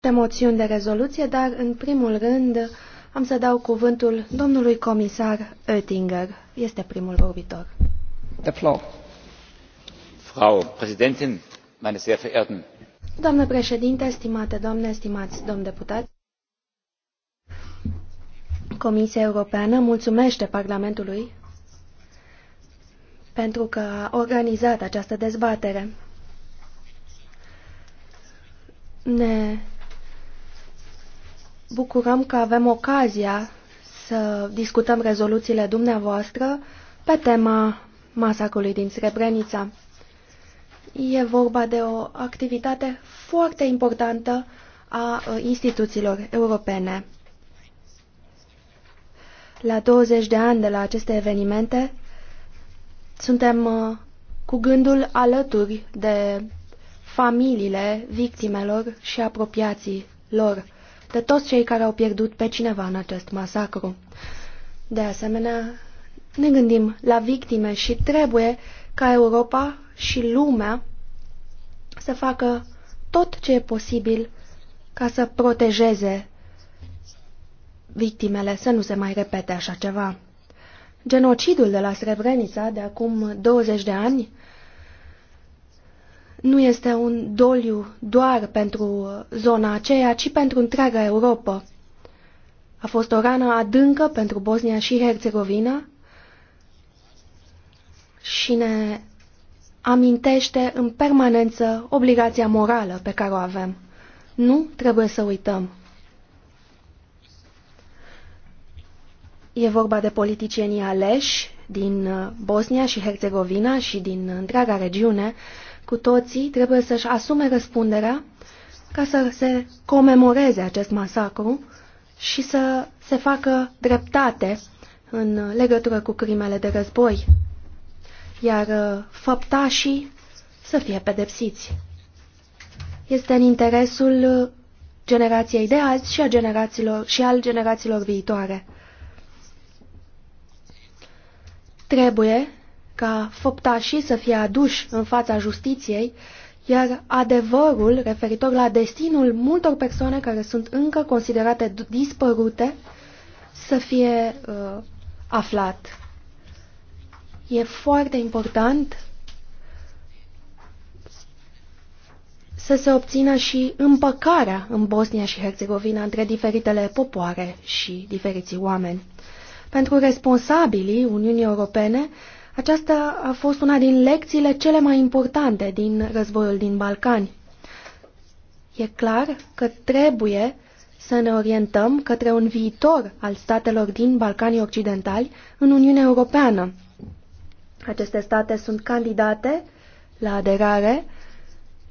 de moțiuni de rezoluție, dar în primul rând am să dau cuvântul domnului comisar Oettinger. Este primul vorbitor. The floor. Frau Präsidentin, meine sehr verehrten. Doamnă președinte, stimate doamne, stimați domn deputați, Comisia Europeană mulțumește Parlamentului pentru că a organizat această dezbatere. Ne bucurăm că avem ocazia să discutăm rezoluțiile dumneavoastră pe tema masacrului din Srebrenica. E vorba de o activitate foarte importantă a ă, instituțiilor europene. La 20 de ani de la aceste evenimente, suntem ă, cu gândul alături de familiile victimelor și apropiații lor de toți cei care au pierdut pe cineva în acest masacru. De asemenea, ne gândim la victime și trebuie ca Europa și lumea să facă tot ce e posibil ca să protejeze victimele, să nu se mai repete așa ceva. Genocidul de la Srebrenica de acum 20 de ani nu este un doliu doar pentru zona aceea, ci pentru întreaga Europa. A fost o rană adâncă pentru Bosnia și Herțegovina și ne amintește în permanență obligația morală pe care o avem. Nu trebuie să uităm. E vorba de politicienii aleși din Bosnia și Herțegovina și din întreaga regiune cu toții trebuie să-și asume răspunderea ca să se comemoreze acest masacru și să se facă dreptate în legătură cu crimele de război, iar uh, făptașii să fie pedepsiți. Este în interesul uh, generației de azi și, a generațiilor, și al generațiilor viitoare. Trebuie ca făptașii să fie aduși în fața justiției, iar adevărul referitor la destinul multor persoane care sunt încă considerate dispărute să fie uh, aflat. E foarte important să se obțină și împăcarea în Bosnia și Herțegovina între diferitele popoare și diferiții oameni. Pentru responsabilii Uniunii Europene, aceasta a fost una din lecțiile cele mai importante din războiul din Balcani. E clar că trebuie să ne orientăm către un viitor al statelor din Balcanii Occidentali în Uniunea Europeană. Aceste state sunt candidate la aderare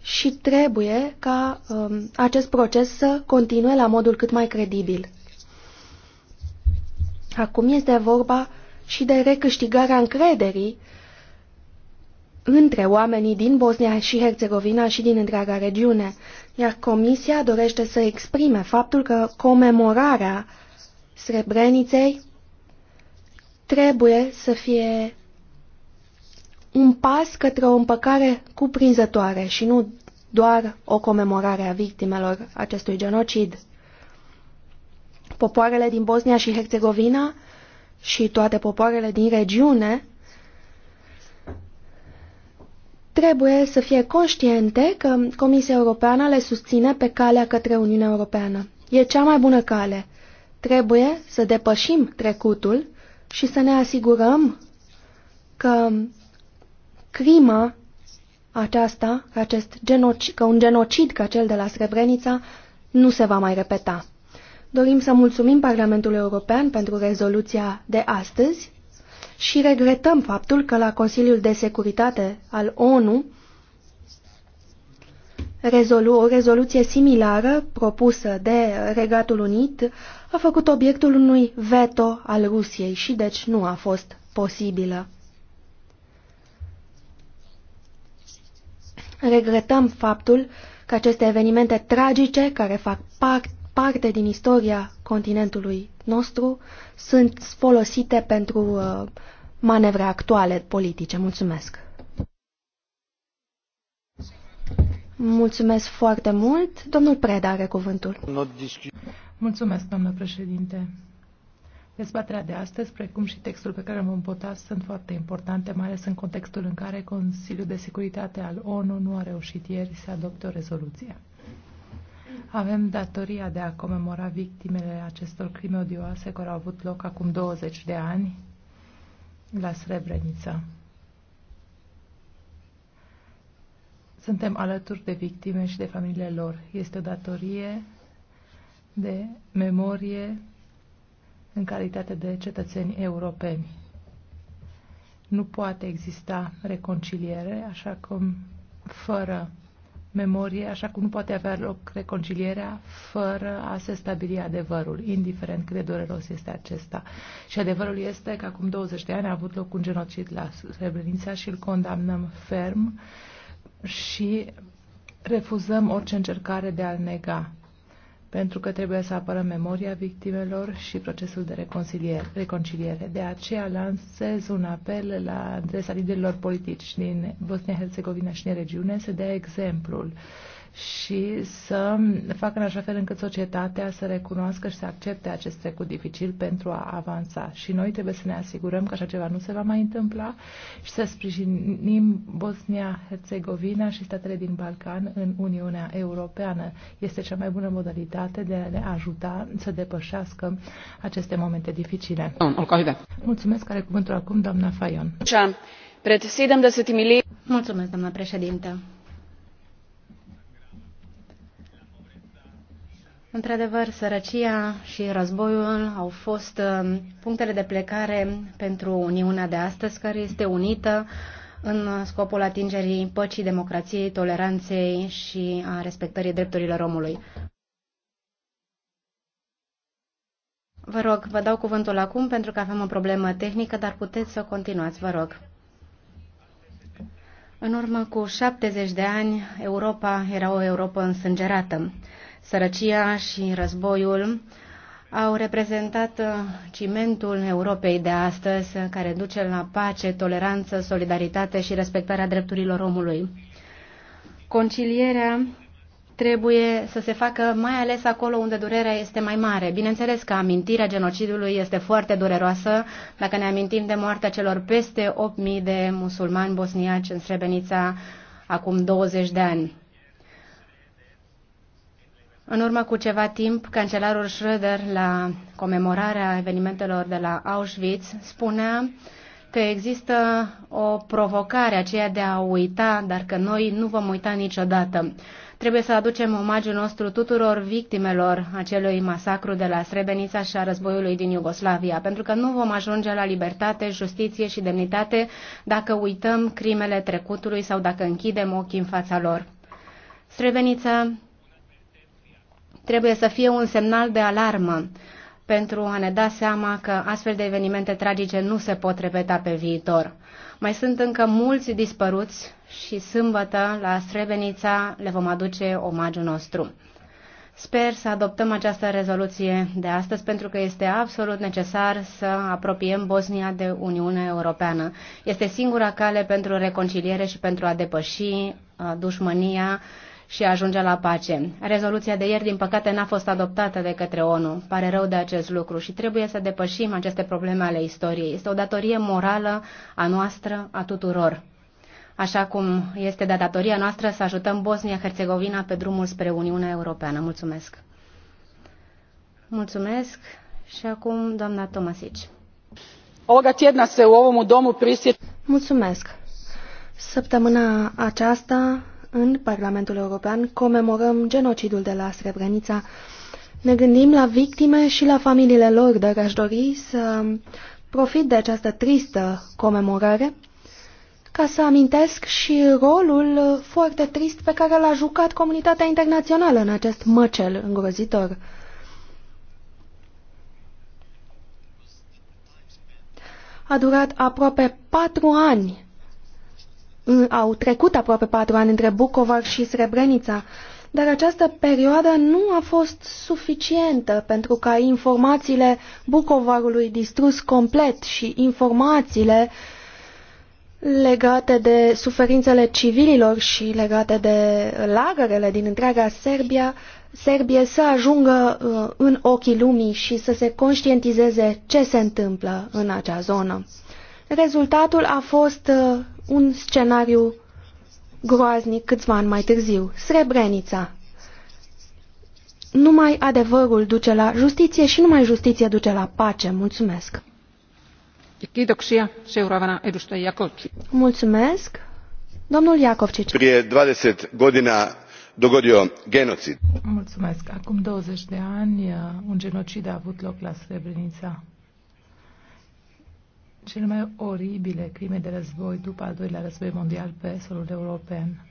și trebuie ca um, acest proces să continue la modul cât mai credibil. Acum este vorba și de recâștigarea încrederii între oamenii din Bosnia și Herțegovina și din întreaga regiune, iar Comisia dorește să exprime faptul că comemorarea Srebreniței trebuie să fie un pas către o împăcare cuprinzătoare și nu doar o comemorare a victimelor acestui genocid. Popoarele din Bosnia și Herțegovina și toate popoarele din regiune trebuie să fie conștiente că Comisia Europeană le susține pe calea către Uniunea Europeană. E cea mai bună cale. Trebuie să depășim trecutul și să ne asigurăm că crima aceasta, că, acest genocid, că un genocid ca cel de la Srebrenica nu se va mai repeta. Dorim să mulțumim Parlamentului European pentru rezoluția de astăzi și regretăm faptul că la Consiliul de Securitate al ONU rezolu o rezoluție similară propusă de Regatul Unit a făcut obiectul unui veto al Rusiei și deci nu a fost posibilă. Regretăm faptul că aceste evenimente tragice, care fac parte parte din istoria continentului nostru sunt folosite pentru uh, manevre actuale politice. Mulțumesc! Mulțumesc foarte mult. Domnul Preda are cuvântul. Mulțumesc, doamnă președinte. Dezbaterea de astăzi, precum și textul pe care am votat, sunt foarte importante, mai ales în contextul în care Consiliul de Securitate al ONU nu a reușit ieri să adopte o rezoluție. Avem datoria de a comemora victimele acestor crime odioase care au avut loc acum 20 de ani la Srebrenica. Suntem alături de victime și de familiile lor. Este o datorie de memorie în calitate de cetățeni europeni. Nu poate exista reconciliere, așa cum fără memorie, așa cum nu poate avea loc reconcilierea fără a se stabili adevărul, indiferent cât de dureros este acesta. Și adevărul este că acum 20 de ani a avut loc un genocid la Srebrenica și îl condamnăm ferm și refuzăm orice încercare de a-l nega pentru că trebuie să apărăm memoria victimelor și procesul de reconciliere. De aceea lansez un apel la adresa liderilor politici din Bosnia-Herzegovina și din regiune să dea exemplul uh, și să facă în așa fel încât societatea să recunoască și să accepte acest trecut dificil pentru a avansa. Și noi trebuie să ne asigurăm că așa ceva nu se va mai întâmpla și să sprijinim Bosnia-Herzegovina și statele din Balcan în Uniunea Europeană. Este cea mai bună modalitate de a le ajuta să depășească aceste momente dificile. Mulțumesc, are cuvântul acum doamna Fayon. Mulțumesc, doamna președintă Într-adevăr, sărăcia și războiul au fost um, punctele de plecare pentru Uniunea de astăzi, care este unită în scopul atingerii păcii, democrației, toleranței și a respectării drepturilor omului. Vă rog, vă dau cuvântul acum pentru că avem o problemă tehnică, dar puteți să continuați, vă rog. În urmă cu 70 de ani, Europa era o Europa însângerată. Sărăcia și războiul au reprezentat uh, cimentul Europei de astăzi, uh, care duce la pace, toleranță, solidaritate și respectarea drepturilor omului. Concilierea trebuie să se facă mai ales acolo unde durerea este mai mare. Bineînțeles că amintirea genocidului este foarte dureroasă dacă ne amintim de moartea celor peste 8.000 de musulmani bosniaci în Srebrenica acum 20 de ani. În urmă cu ceva timp, cancelarul Schröder, la comemorarea evenimentelor de la Auschwitz, spunea că există o provocare aceea de a uita, dar că noi nu vom uita niciodată. Trebuie să aducem omagiul nostru tuturor victimelor acelui masacru de la Srebrenica și a războiului din Iugoslavia, pentru că nu vom ajunge la libertate, justiție și demnitate dacă uităm crimele trecutului sau dacă închidem ochii în fața lor. Srebrenica trebuie să fie un semnal de alarmă pentru a ne da seama că astfel de evenimente tragice nu se pot repeta pe viitor. Mai sunt încă mulți dispăruți și sâmbătă la Srebrenica le vom aduce omagiul nostru. Sper să adoptăm această rezoluție de astăzi pentru că este absolut necesar să apropiem Bosnia de Uniunea Europeană. Este singura cale pentru reconciliere și pentru a depăși uh, dușmania și ajunge la pace. Rezoluția de ieri, din păcate, n-a fost adoptată de către ONU. Pare rău de acest lucru și trebuie să depășim aceste probleme ale istoriei. Este o datorie morală a noastră, a tuturor. Așa cum este de datoria noastră să ajutăm Bosnia-Herzegovina pe drumul spre Uniunea Europeană. Mulțumesc! Mulțumesc și acum doamna Tomasici. Oga tjedna se u ovomu domu Mulțumesc! Săptămâna aceasta în Parlamentul European comemorăm genocidul de la Srebrenica. Ne gândim la victime și la familiile lor, dar aș dori să profit de această tristă comemorare ca să amintesc și rolul foarte trist pe care l-a jucat comunitatea internațională în acest măcel îngrozitor. A durat aproape patru ani Mm, au trecut aproape patru ani între Bucovar și Srebrenica, dar această perioadă nu a fost suficientă pentru ca informațiile Bucovarului distrus complet și informațiile legate de suferințele civililor și legate de lagărele din întreaga Serbia, Serbie să ajungă uh, în ochii lumii și să se conștientizeze ce se întâmplă în acea zonă. Rezultatul a fost uh, un scenariu groaznic câțiva ani mai târziu, Srebrenica. Numai adevărul duce la justiție și numai justiția duce la pace. Mulțumesc! Jakovčić. Mulțumesc. Domnul Jakovčić. Prie 20 godina dogodio genocid. Mulțumesc. Acum 20 de ani uh, un genocid a avut loc la Srebrenica cele mai oribile crime de război după al doilea război mondial pe solul european.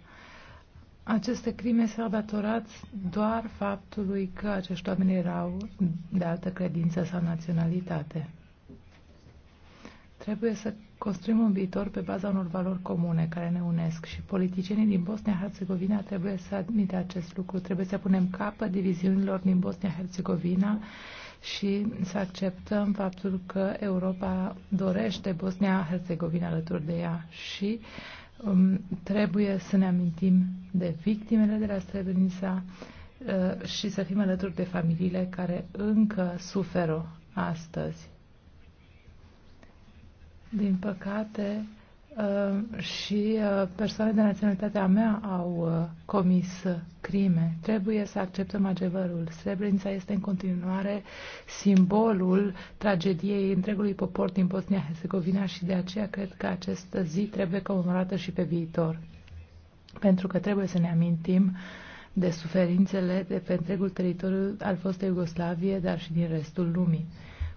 Aceste crime s-au datorat doar faptului că acești oameni erau de altă credință sau naționalitate. Trebuie să construim un viitor pe baza unor valori comune care ne unesc și politicienii din Bosnia-Herzegovina trebuie să admită acest lucru. Trebuie să punem capăt diviziunilor din Bosnia-Herzegovina și să acceptăm faptul că Europa dorește Bosnia-Herzegovina alături de ea și um, trebuie să ne amintim de victimele de la Srebrenica uh, și să fim alături de familiile care încă suferă astăzi. Din păcate, Uh, și uh, persoane de naționalitatea mea au uh, comis crime. Trebuie să acceptăm adevărul. Srebrenica este în continuare simbolul tragediei întregului popor din Bosnia-Herzegovina și de aceea cred că această zi trebuie comemorată și pe viitor. Pentru că trebuie să ne amintim de suferințele de pe întregul teritoriu al fostei Iugoslavie, dar și din restul lumii.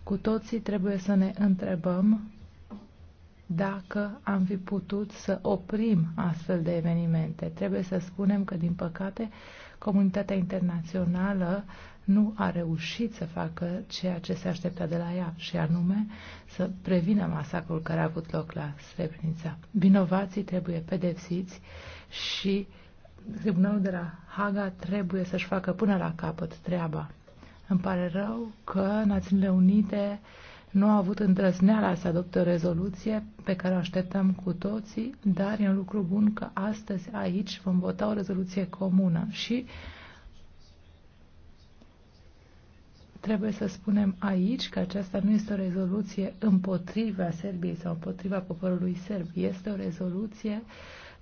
Cu toții trebuie să ne întrebăm dacă am fi putut să oprim astfel de evenimente. Trebuie să spunem că, din păcate, comunitatea internațională nu a reușit să facă ceea ce se aștepta de la ea, și anume să prevină masacrul care a avut loc la Srebrenica. Vinovații trebuie pedepsiți și tribunalul de la Haga trebuie să-și facă până la capăt treaba. Îmi pare rău că Națiunile Unite uh, nu a avut îndrăzneala să adopte o rezoluție pe care o așteptăm cu toții, dar e un lucru bun că astăzi aici vom vota o rezoluție comună și trebuie să spunem aici că aceasta nu este o rezoluție împotriva Serbiei sau împotriva poporului serb, este o rezoluție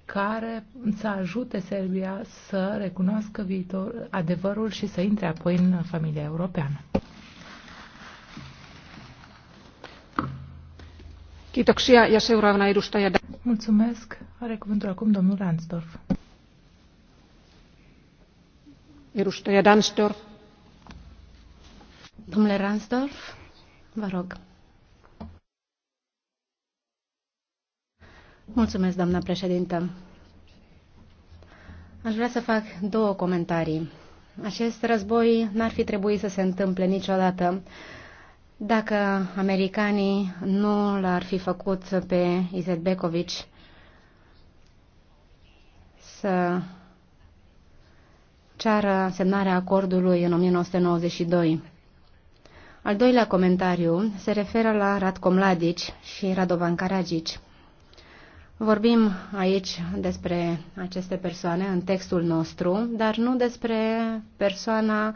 care să ajute Serbia să recunoască viitor, adevărul și să intre apoi în familia europeană. Kiitoksia ja seuraavana edustaja. Mulțumesc. Are cuvântul acum domnul Ransdorf. Edustaja Ransdorf. Domnule Ransdorf, vă rog. Mulțumesc, doamna președintă. Aș vrea să fac două comentarii. Acest război n-ar fi trebuit să se întâmple niciodată dacă americanii nu l-ar fi făcut pe Izetbekovic să ceară semnarea acordului în 1992. Al doilea comentariu se referă la Radko Mladic și Radovan Karadzic. Vorbim aici despre aceste persoane în textul nostru, dar nu despre persoana uh,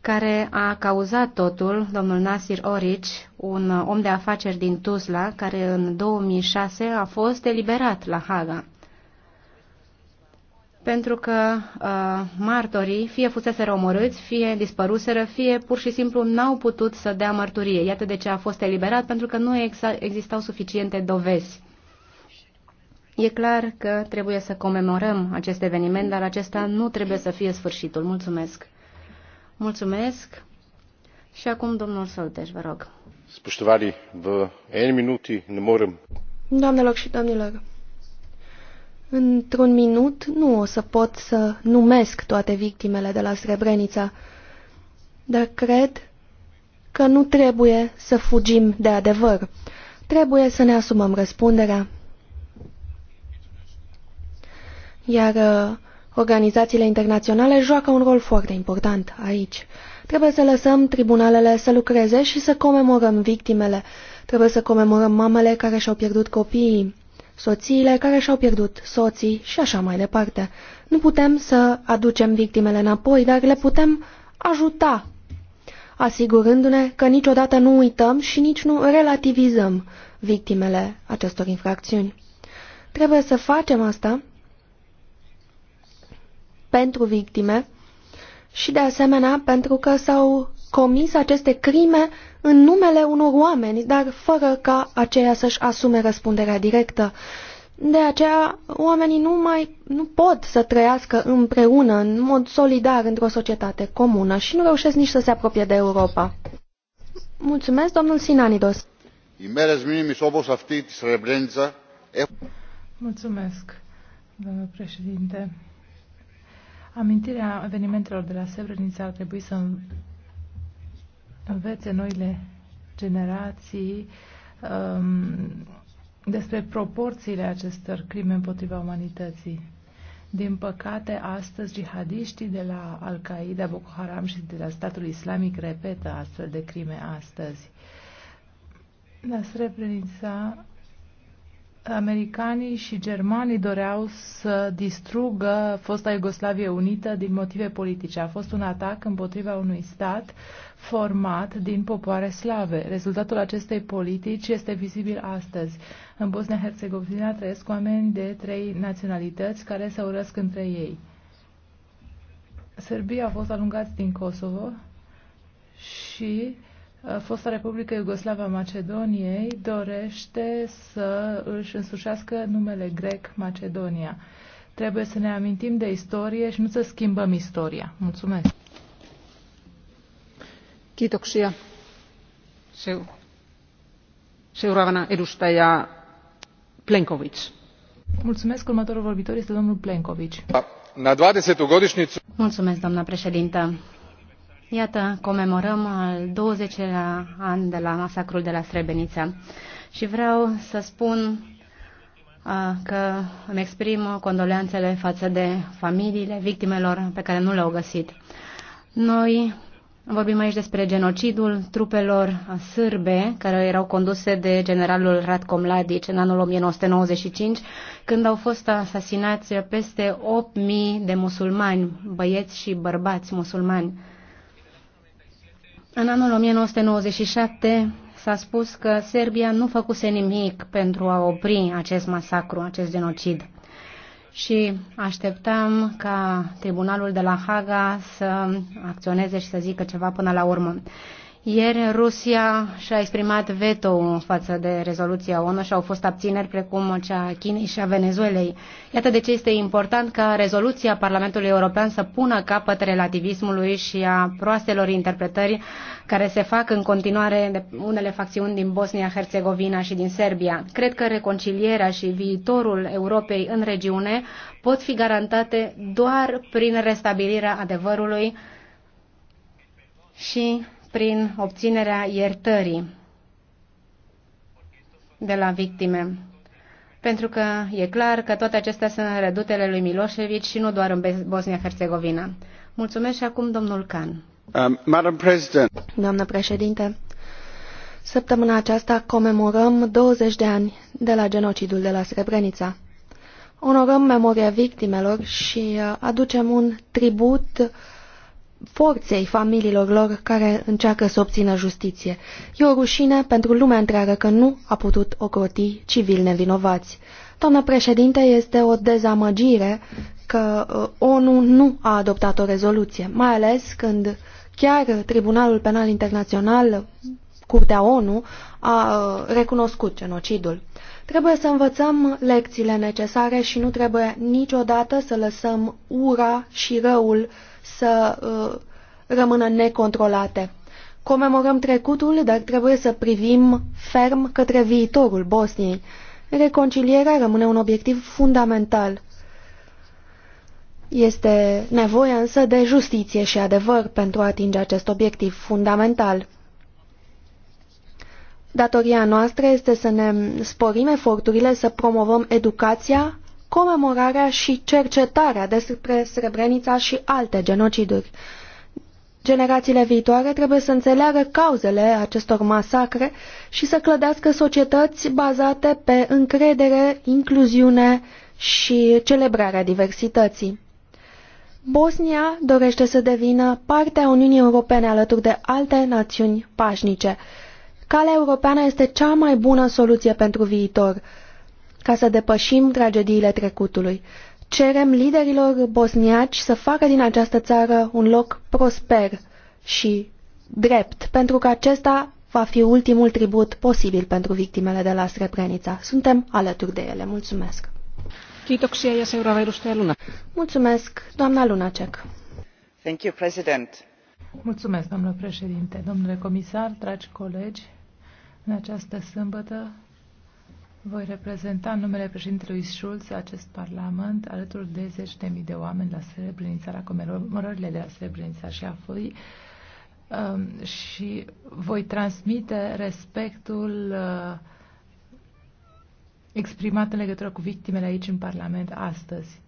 care a cauzat totul, domnul Nasir Orici, un om de afaceri din Tuzla, care în 2006 a fost eliberat la Haga. Pentru că uh, martorii fie fuseseră omorâți, fie dispăruseră, fie pur și simplu n-au putut să dea mărturie. Iată de ce a fost eliberat, pentru că nu existau suficiente dovezi. E clar că trebuie să comemorăm acest eveniment, dar acesta nu trebuie să fie sfârșitul. Mulțumesc! Mulțumesc. Și acum domnul Soltes, vă rog. Spuștevali, vă en minuti, ne morăm. Doamnelor și domnilor, într-un minut nu o să pot să numesc toate victimele de la Srebrenica, dar cred că nu trebuie să fugim de adevăr. Trebuie să ne asumăm răspunderea. Iar uh, Organizațiile internaționale joacă un rol foarte important aici. Trebuie să lăsăm tribunalele să lucreze și să comemorăm victimele. Trebuie să comemorăm mamele care și-au pierdut copiii, soțiile care și-au pierdut soții și așa mai departe. Nu putem să aducem victimele înapoi, dar le putem ajuta, asigurându-ne că niciodată nu uităm și nici nu relativizăm victimele acestor infracțiuni. Trebuie să facem asta pentru victime și, de asemenea, pentru că s-au comis aceste crime în numele unor oameni, dar fără ca aceia să-și asume răspunderea directă. De aceea, oamenii nu mai nu pot să trăiască împreună, în mod solidar, într-o societate comună și nu reușesc nici să se apropie de Europa. Mulțumesc, domnul Sinanidos. Mulțumesc, domnul președinte. Amintirea evenimentelor de la Severința ar trebui să învețe noile generații um, despre proporțiile acestor crime împotriva umanității. Din păcate, astăzi, jihadiștii de la Al-Qaeda, Boko Haram și de la statul islamic repetă astfel de crime astăzi. La Srebrenica americanii și germanii doreau să distrugă fosta Iugoslavie unită din motive politice. A fost un atac împotriva unui stat format din popoare slave. Rezultatul acestei politici este vizibil astăzi. În Bosnia-Herzegovina trăiesc oameni de trei naționalități care se urăsc între ei. Serbia a fost alungați din Kosovo și Uh, fosta Republică Iugoslavă a Macedoniei dorește să își însușească numele grec Macedonia. Trebuie să ne amintim de istorie și nu să schimbăm istoria. Mulțumesc. Kiitoksia. Seu. Seuraavana edustaja Plenković. Mulțumesc. Următorul vorbitor este domnul Plenković. Na 20 Mulțumesc, doamna președintă Iată, comemorăm al 20-lea an de la masacrul de la Srebrenica. Și vreau să spun că îmi exprim condoleanțele față de familiile victimelor pe care nu le-au găsit. Noi vorbim aici despre genocidul trupelor sârbe care erau conduse de generalul Ratko Mladic în anul 1995, când au fost asasinați peste 8.000 de musulmani, băieți și bărbați musulmani. În anul 1997 s-a spus că Serbia nu făcuse nimic pentru a opri acest masacru, acest genocid. Și așteptam ca tribunalul de la Haga să acționeze și să zică ceva până la urmă. Ieri Rusia și-a exprimat veto față de rezoluția ONU și au fost abțineri precum cea a Chinei și a Venezuelei. Iată de ce este important ca rezoluția Parlamentului European să pună capăt relativismului și a proastelor interpretări care se fac în continuare de unele facțiuni din Bosnia-Herzegovina și din Serbia. Cred că reconcilierea și viitorul Europei în regiune pot fi garantate doar prin restabilirea adevărului și prin obținerea iertării de la victime. Pentru că e clar că toate acestea sunt redutele lui Milosevic și nu doar în Bosnia-Herzegovina. Mulțumesc și acum domnul Can. Um, Doamnă președinte, săptămâna aceasta comemorăm 20 de ani de la genocidul de la Srebrenica. Onorăm memoria victimelor și uh, aducem un tribut uh, forței familiilor lor care încearcă să obțină justiție. E o rușine pentru lumea întreagă că nu a putut ocroti civili nevinovați. Doamnă președinte, este o dezamăgire că uh, ONU nu a adoptat o rezoluție, mai ales când chiar Tribunalul Penal Internațional, Curtea ONU, a uh, recunoscut genocidul. Trebuie să învățăm lecțiile necesare și nu trebuie niciodată să lăsăm ura și răul să uh, rămână necontrolate. Comemorăm trecutul, dar trebuie să privim ferm către viitorul Bosniei. Reconcilierea rămâne un obiectiv fundamental. Este nevoie însă de justiție și adevăr pentru a atinge acest obiectiv fundamental. Datoria noastră este să ne sporim eforturile să promovăm educația, comemorarea și cercetarea despre Srebrenica și alte genociduri. Generațiile viitoare trebuie să înțeleagă cauzele acestor masacre și să clădească societăți bazate pe încredere, incluziune și celebrarea diversității. Bosnia dorește să devină parte a Uniunii Europene alături de alte națiuni pașnice. Calea europeană este cea mai bună soluție pentru viitor ca să depășim tragediile trecutului. Cerem liderilor bosniaci să facă din această țară un loc prosper și drept, pentru că acesta va fi ultimul tribut posibil pentru victimele de la Srebrenica. Suntem alături de ele. Mulțumesc! Mulțumesc, doamna Lunacek. Thank you, President. Mulțumesc, domnule președinte, domnule comisar, dragi colegi. În această sâmbătă voi reprezenta în numele președintelui Schulz acest parlament alături de zeci de mii de oameni la Srebrenica, la comemorările de la Srebrenica și a fost um, și voi transmite respectul uh, exprimat în legătură cu victimele aici în Parlament astăzi.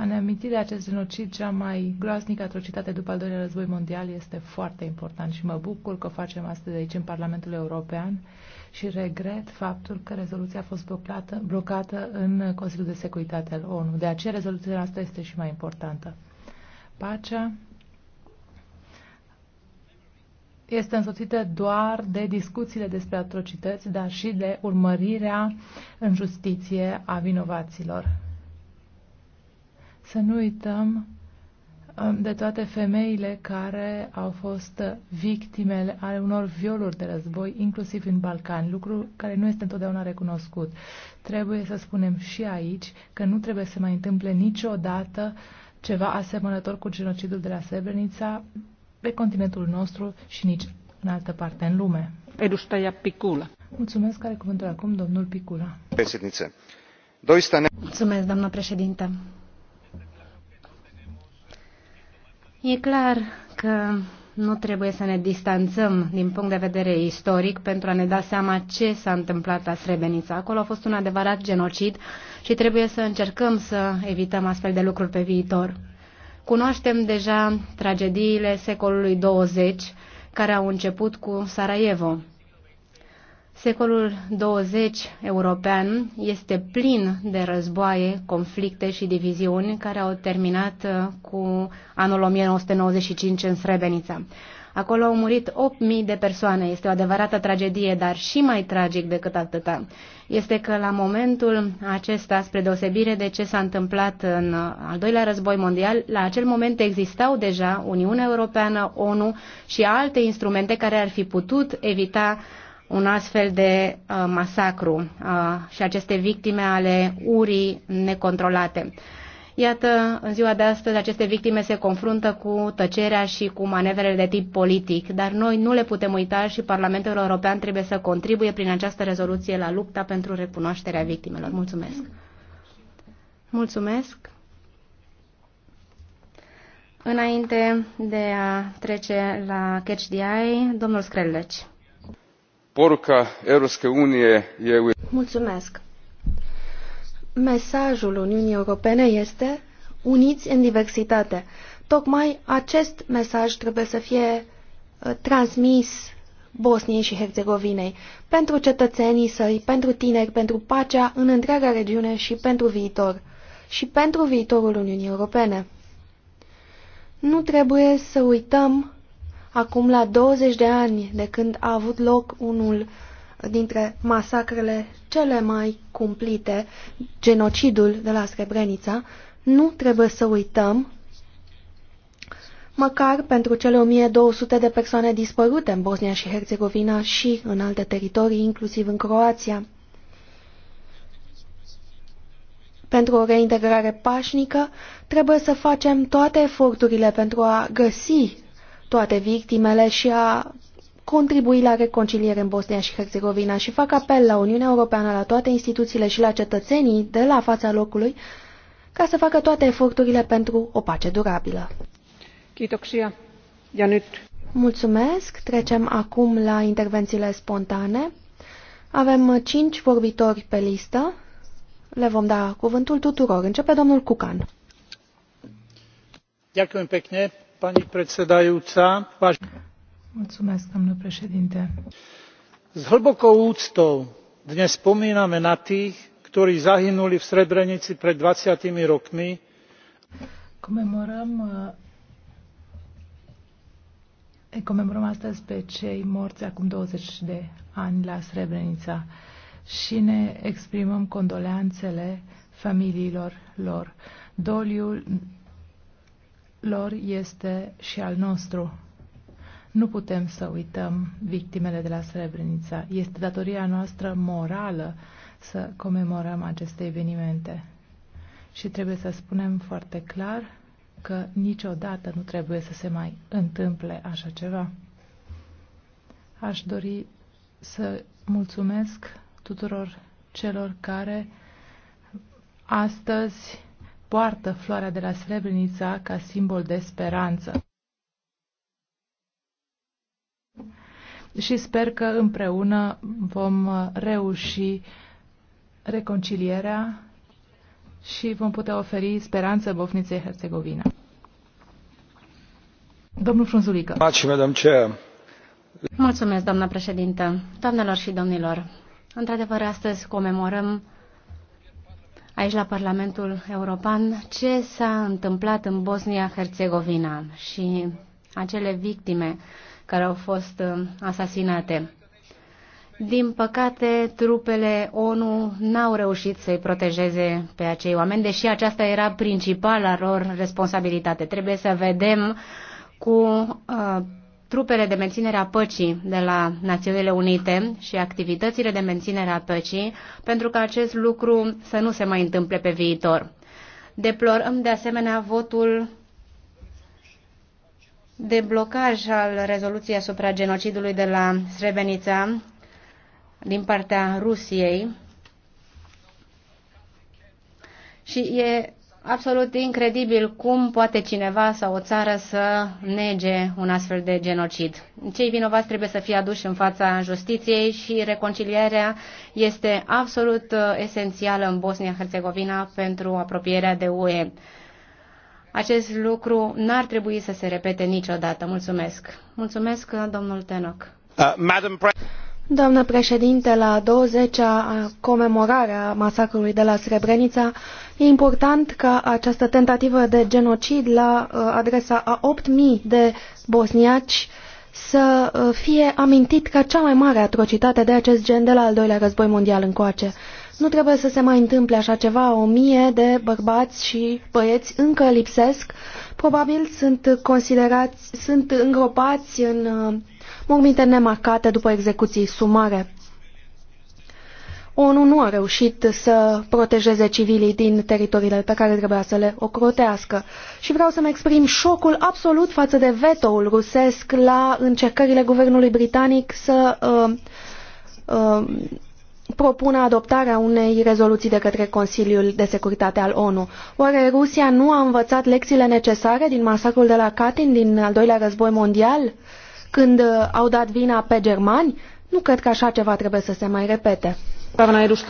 A ne aminti de acest genocid, cea mai groaznică atrocitate după al doilea război mondial, este foarte important și mă bucur că o facem astăzi aici în Parlamentul European și regret faptul că rezoluția a fost blocată, blocată în Consiliul de Securitate al ONU. De aceea rezoluția noastră este și mai importantă. Pacea este însoțită doar de discuțiile despre atrocități, dar și de urmărirea în justiție a vinovaților. Să nu uităm um, de toate femeile care au fost victimele ale unor violuri de război, inclusiv în Balcani, lucru care nu este întotdeauna recunoscut. Trebuie să spunem și aici că nu trebuie să mai întâmple niciodată ceva asemănător cu genocidul de la Srebrenica pe continentul nostru și nici în altă parte în lume. Edustaia Picula. Mulțumesc, care cuvântul acum, domnul Picula. Președinte. Doista ne... Mulțumesc, doamnă președinte. E clar că nu trebuie să ne distanțăm din punct de vedere istoric pentru a ne da seama ce s-a întâmplat la Srebrenica. Acolo a fost un adevărat genocid și trebuie să încercăm să evităm astfel de lucruri pe viitor. Cunoaștem deja tragediile secolului 20 care au început cu Sarajevo. Secolul 20 european este plin de războaie, conflicte și diviziuni care au terminat uh, cu anul 1995 în Srebrenica. Acolo au murit 8.000 de persoane. Este o adevărată tragedie, dar și mai tragic decât atâta este că la momentul acesta, spre deosebire de ce s-a întâmplat în uh, al doilea război mondial, la acel moment existau deja Uniunea Europeană, ONU și alte instrumente care ar fi putut evita un astfel de uh, masacru uh, și aceste victime ale urii necontrolate. Iată, în ziua de astăzi, aceste victime se confruntă cu tăcerea și cu manevrele de tip politic, dar noi nu le putem uita și Parlamentul European trebuie să contribuie prin această rezoluție la lupta pentru recunoașterea victimelor. Mulțumesc! Mulțumesc! Înainte de a trece la Catch the Eye, domnul Screlleci poruka europske unije je Mulțumesc. Mesajul Uniunii Europene este uniți în diversitate. Tocmai acest mesaj trebuie să fie uh, transmis Bosniei și Herțegovinei, pentru cetățenii săi, pentru tineri, pentru pacea în întreaga regiune și pentru viitor, și pentru viitorul Uniunii Europene. Nu trebuie să uităm acum la 20 de ani de când a avut loc unul dintre masacrele cele mai cumplite, genocidul de la Srebrenica, nu trebuie să uităm, măcar pentru cele 1200 de persoane dispărute în Bosnia și Herțegovina și în alte teritorii, inclusiv în Croația. Pentru o reintegrare pașnică, trebuie să facem toate eforturile pentru a găsi toate victimele și a contribui la reconciliere în Bosnia și Herzegovina și fac apel la Uniunea Europeană, la toate instituțiile și la cetățenii de la fața locului ca să facă toate eforturile pentru o pace durabilă. Mulțumesc. Trecem acum la intervențiile spontane. Avem cinci vorbitori pe listă. Le vom da cuvântul tuturor. Începe domnul Cucan. Ďakujem domnule președinte s hlbokou úctou dnes spomíname na tých ktorí zahynuli v srebrenici pred dvadsiatimi rokmi. Eh, comemorăm astăzi pe cei morți acum 20 de ani la Srebrenica și ne exprimăm condoleanțele familiilor lor. Doliul, lor este și al nostru. Nu putem să uităm victimele de la Srebrenica. Este datoria noastră morală să comemorăm aceste evenimente. Și trebuie să spunem foarte clar că niciodată nu trebuie să se mai întâmple așa ceva. Aș dori să mulțumesc tuturor celor care astăzi poartă floarea de la Srebrenica ca simbol de speranță. Și sper că împreună vom reuși reconcilierea și vom putea oferi speranță Bofniței Herțegovina. Domnul Frunzulică. Mulțumesc, doamna președintă. Doamnelor și domnilor, într-adevăr, astăzi comemorăm aici la Parlamentul European ce s-a întâmplat în Bosnia-Herzegovina și acele victime care au fost uh, asasinate. Din păcate, trupele ONU n-au reușit să-i protejeze pe acei oameni, deși aceasta era principala lor responsabilitate. Trebuie să vedem cu uh, trupele de menținere a păcii de la Națiunile Unite și activitățile de menținere a păcii pentru ca acest lucru să nu se mai întâmple pe viitor. Deplorăm de asemenea votul de blocaj al rezoluției asupra genocidului de la Srebrenica din partea Rusiei și e absolut incredibil cum poate cineva sau o țară să nege un astfel de genocid. Cei vinovați trebuie să fie aduși în fața justiției și reconcilierea este absolut uh, esențială în Bosnia-Herzegovina pentru apropierea de UE. Acest lucru n-ar trebui să se repete niciodată. Mulțumesc. Mulțumesc, domnul Tenoc. Uh, Doamnă președinte, la 20-a comemorare a masacrului de la Srebrenica, e important ca această tentativă de genocid la adresa a 8.000 de bosniaci să fie amintit ca cea mai mare atrocitate de acest gen de la al doilea război mondial încoace. Nu trebuie să se mai întâmple așa ceva, o mie de bărbați și băieți încă lipsesc, probabil sunt considerați, sunt îngropați în morminte nemarcate după execuții sumare. ONU nu a reușit să protejeze civilii din teritoriile pe care trebuia să le ocrotească. Și vreau să-mi exprim șocul absolut față de vetoul rusesc la încercările guvernului britanic să uh, uh, propună adoptarea unei rezoluții de către Consiliul de Securitate al ONU. Oare Rusia nu a învățat lecțiile necesare din masacrul de la Katyn din al doilea război mondial? Uh, când uh, au dat vina pe germani, nu cred că așa ceva trebuie să se mai repete. Da. Mulțumesc,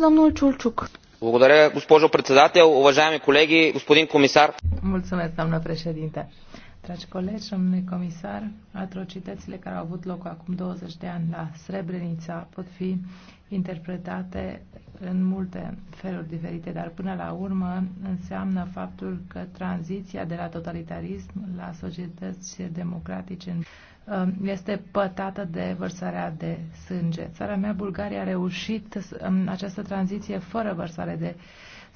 domnul Ciulciuc. Mulțumesc, domnul președinte Dragi colegi, domnule comisar, atrocitățile care au avut loc acum 20 de ani la Srebrenica pot fi interpretate în multe feluri diferite, dar până la urmă înseamnă faptul că tranziția de la totalitarism la societăți democratice uh, este pătată de vărsarea de sânge. Țara mea, Bulgaria, a reușit um, această tranziție fără vărsare de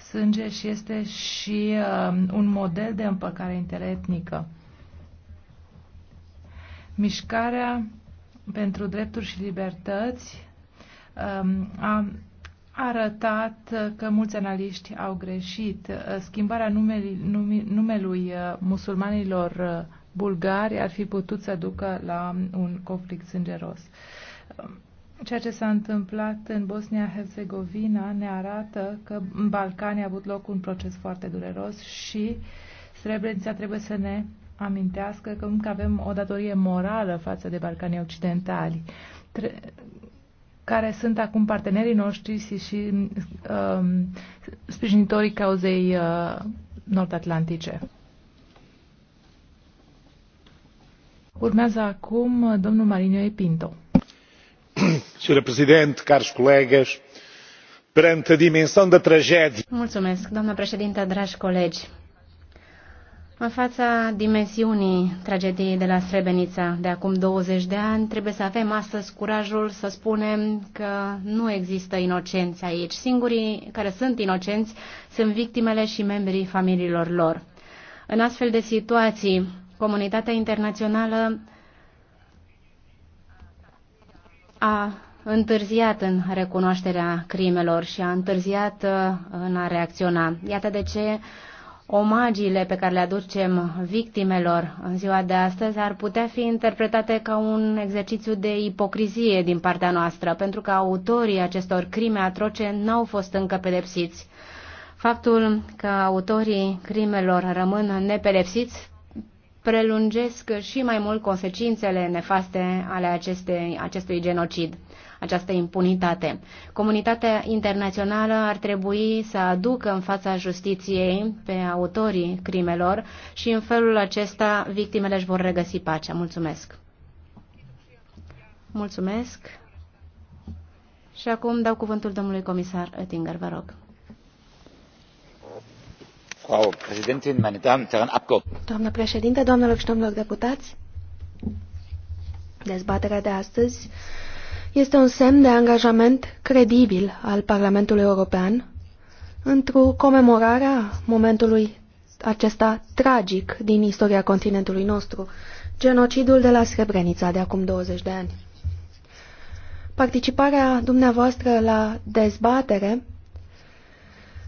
sânge și este și uh, un model de împăcare interetnică. Mișcarea pentru drepturi și libertăți um, a arătat că mulți analiști au greșit. Schimbarea numelui, numelui uh, musulmanilor uh, bulgari ar fi putut să ducă la un conflict sângeros. Um, ceea ce s-a întâmplat în Bosnia-Herzegovina ne arată că în Balcani a avut loc un proces foarte dureros și Srebrenica trebuie să ne amintească că încă avem o datorie morală față de Balcanii Occidentali, care sunt acum partenerii noștri și, și uh, sprijinitorii cauzei uh, nord-atlantice. Urmează acum domnul Marinho Pinto. Sr. Presidente, cari colegas, perante a dimensão da tragédia. Mulțumesc, doamna președintă, dragi colegi în fața dimensiunii tragediei de la Srebrenica de acum 20 de ani, trebuie să avem astăzi curajul să spunem că nu există inocenți aici. Singurii care sunt inocenți sunt victimele și membrii familiilor lor. În astfel de situații, comunitatea internațională a întârziat în recunoașterea crimelor și a întârziat uh, în a reacționa. Iată de ce omagiile pe care le aducem victimelor în ziua de astăzi ar putea fi interpretate ca un exercițiu de ipocrizie din partea noastră, pentru că autorii acestor crime atroce n-au fost încă pedepsiți. Faptul că autorii crimelor rămân nepedepsiți prelungesc și mai mult consecințele nefaste ale acestei, acestui genocid, această impunitate. Comunitatea internațională ar trebui să aducă în fața justiției pe autorii crimelor și în felul acesta victimele își vor regăsi pacea. Mulțumesc! Mulțumesc! Și acum dau cuvântul domnului comisar Oettinger, vă rog. Doamnă președinte, doamnelor și domnilor deputați, dezbaterea de astăzi este un semn de angajament credibil al Parlamentului European într-o a momentului acesta tragic din istoria continentului nostru, genocidul de la Srebrenica de acum 20 de ani. Participarea dumneavoastră la dezbatere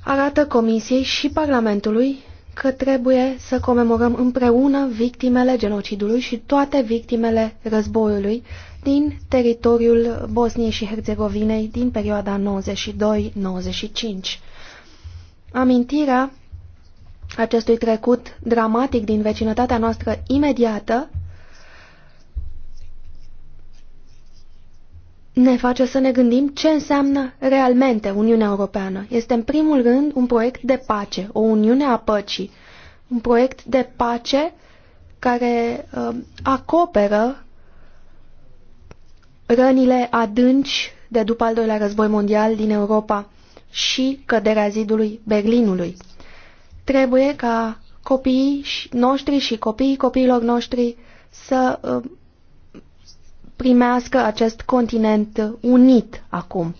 arată Comisiei și Parlamentului că trebuie să comemorăm împreună victimele genocidului și toate victimele războiului din teritoriul Bosniei și Herzegovinei din perioada 92-95. Amintirea acestui trecut dramatic din vecinătatea noastră imediată ne face să ne gândim ce înseamnă realmente Uniunea Europeană. Este în primul rând un proiect de pace, o Uniune a păcii, un proiect de pace care uh, acoperă rănile adânci de după al doilea război mondial din Europa și căderea zidului Berlinului. Trebuie ca copiii noștri și copiii copiilor noștri să uh, primească acest continent unit acum.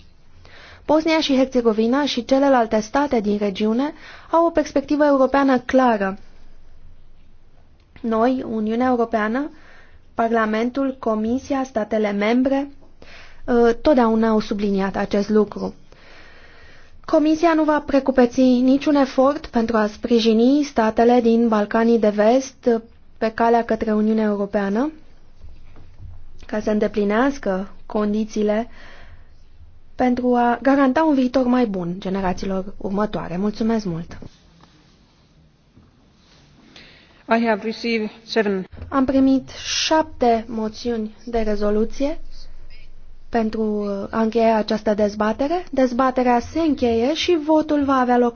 Bosnia și Herțegovina și celelalte state din regiune au o perspectivă europeană clară. Noi, Uniunea Europeană, Parlamentul, Comisia, statele membre, ă, totdeauna au subliniat acest lucru. Comisia nu va precupeți niciun efort pentru a sprijini statele din Balcanii de Vest pe calea către Uniunea Europeană ca să îndeplinească condițiile pentru a garanta un viitor mai bun generațiilor următoare. Mulțumesc mult! I have received seven. Am primit șapte moțiuni de rezoluție pentru a încheia această dezbatere. Dezbaterea se încheie și votul va avea loc